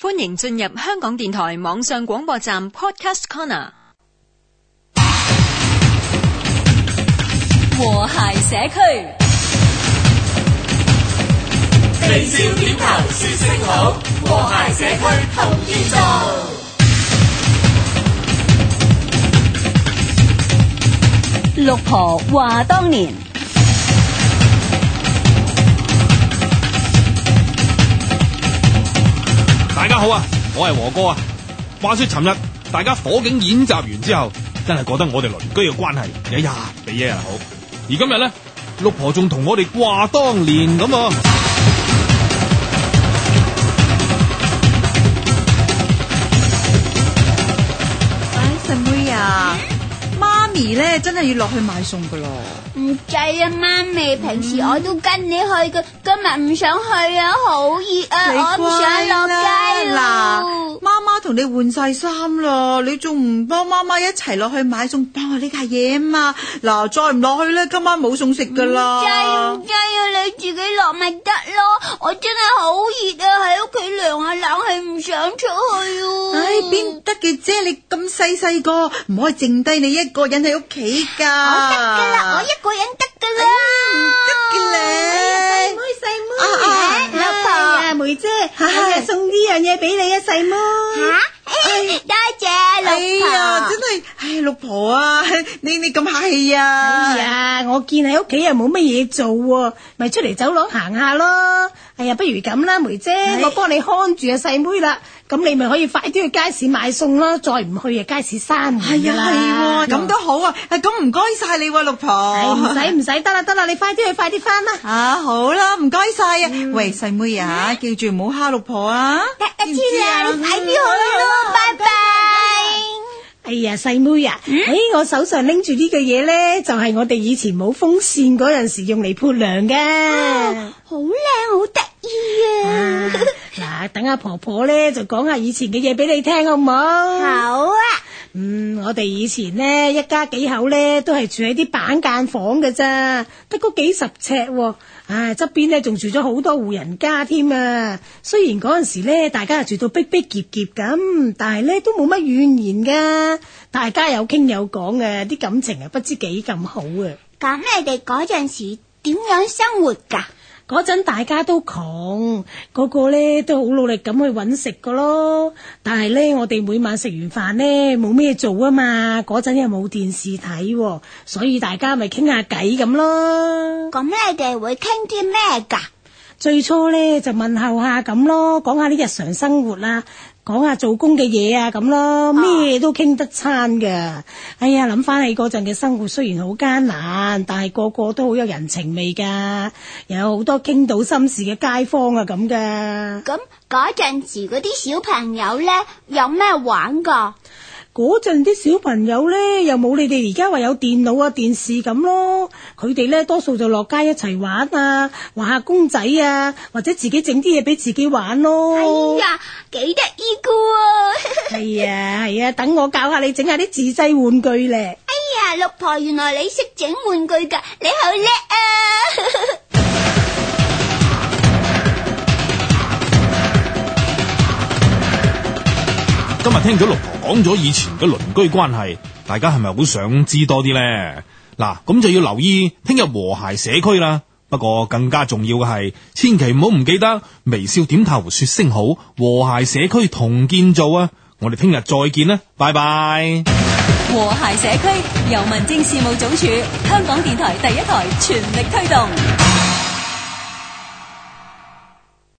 歡迎進入香港電台網上廣播站 Podcast Corner，和諧社區，微笑點頭說聲好，和諧社區同建造。六婆話當年。啊好啊，我係和哥啊。話說尋日大家火警演習完之後，真係覺得我哋鄰居嘅關係，哎、一日比一日好。而今日咧，六婆仲同我哋話當年咁啊。咧真係要落去買餸噶咯，唔制啊！媽咪，平時我都跟你去噶，今日唔想去啊，好熱啊，我唔想落街啦。同你換晒衫啦，你仲唔幫媽媽一齊落去買餸？幫我呢家嘢啊嘛！嗱，再唔落去咧，今晚冇餸食噶啦！唔制唔制啊！你自己落咪得咯，我真係好熱啊，喺屋企涼下冷氣，唔想出去哦、啊。唉，邊得嘅啫，你咁細細個，唔可以剩低你一個人喺屋企噶。我得噶啦，我一個人得噶啦。唔得嘅咧，細妹細妹。係送呢樣嘢俾你啊，細妹，ah。吓，多謝老婆。唉，六婆啊，你你咁客氣呀？哎呀，我見你屋企又冇乜嘢做喎，咪出嚟走落行下咯。哎呀，不如咁啦，梅姐，我幫你看住阿細妹啦，咁你咪可以快啲去街市買餸咯，再唔去啊街市閂啦。係啊係喎，咁都好啊，咁唔該晒你喎，六婆。唔使唔使，得啦得啦，你快啲去，快啲返啦。啊好啦，唔該晒啊。喂，細妹啊，記住唔好蝦六婆啊。知唔知啊？你快啲去咯，拜拜。哎呀，細妹啊，誒、哎，我手上拎住呢個嘢咧，就係、是、我哋以前冇風扇嗰陣時用嚟潑涼嘅，好靚，好得意啊！嗱、 啊，等阿婆婆咧就講下以前嘅嘢俾你聽，好唔好？好啊。嗯，我哋以前呢，一家幾口呢，都係住喺啲板間房嘅咋，得嗰幾十尺，啊，唉，啊，側邊呢，仲住咗好多戶人家添啊。雖然嗰陣時呢，大家係住到逼逼劫劫，咁，但係呢都冇乜怨言噶，大家有傾有講啊，啲感情啊不知幾咁好啊。咁你哋嗰陣時點樣生活噶？嗰陣大家都窮，個個咧都好努力咁去揾食㗎咯。但係呢，我哋每晚食完飯呢，冇咩做啊嘛。嗰陣又冇電視睇，所以大家咪傾下偈咁咯。咁你哋會傾啲咩㗎？最初呢，就問候下咁咯，講下啲日常生活啦。講下做工嘅嘢啊，咁咯，咩都傾得餐噶。哎呀，諗翻起嗰陣嘅生活，雖然好艱難，但係個個都好有人情味噶，有好多傾到心事嘅街坊啊，咁噶。咁嗰陣時嗰啲小朋友咧，有咩玩噶？嗰陣啲小朋友咧，又冇你哋而家話有電腦啊、電視咁咯。佢哋咧，多數就落街一齊玩啊，玩下公仔啊，或者自己整啲嘢俾自己玩咯。哎呀，幾得意噶喎！係 啊、哎，係、哎、啊，等我教下你整下啲自製玩具咧。哎呀，六婆，原來你識整玩具㗎，你好叻啊！ 聽咗六婆講咗以前嘅鄰居關係，大家係咪會想知多啲呢？嗱，咁就要留意聽日和諧社區啦。不過更加重要嘅係，千祈唔好唔記得微笑點頭說聲好，和諧社區同建造啊！我哋聽日再見啦，拜拜！和諧社區由民政事務總署、香港電台第一台全力推動。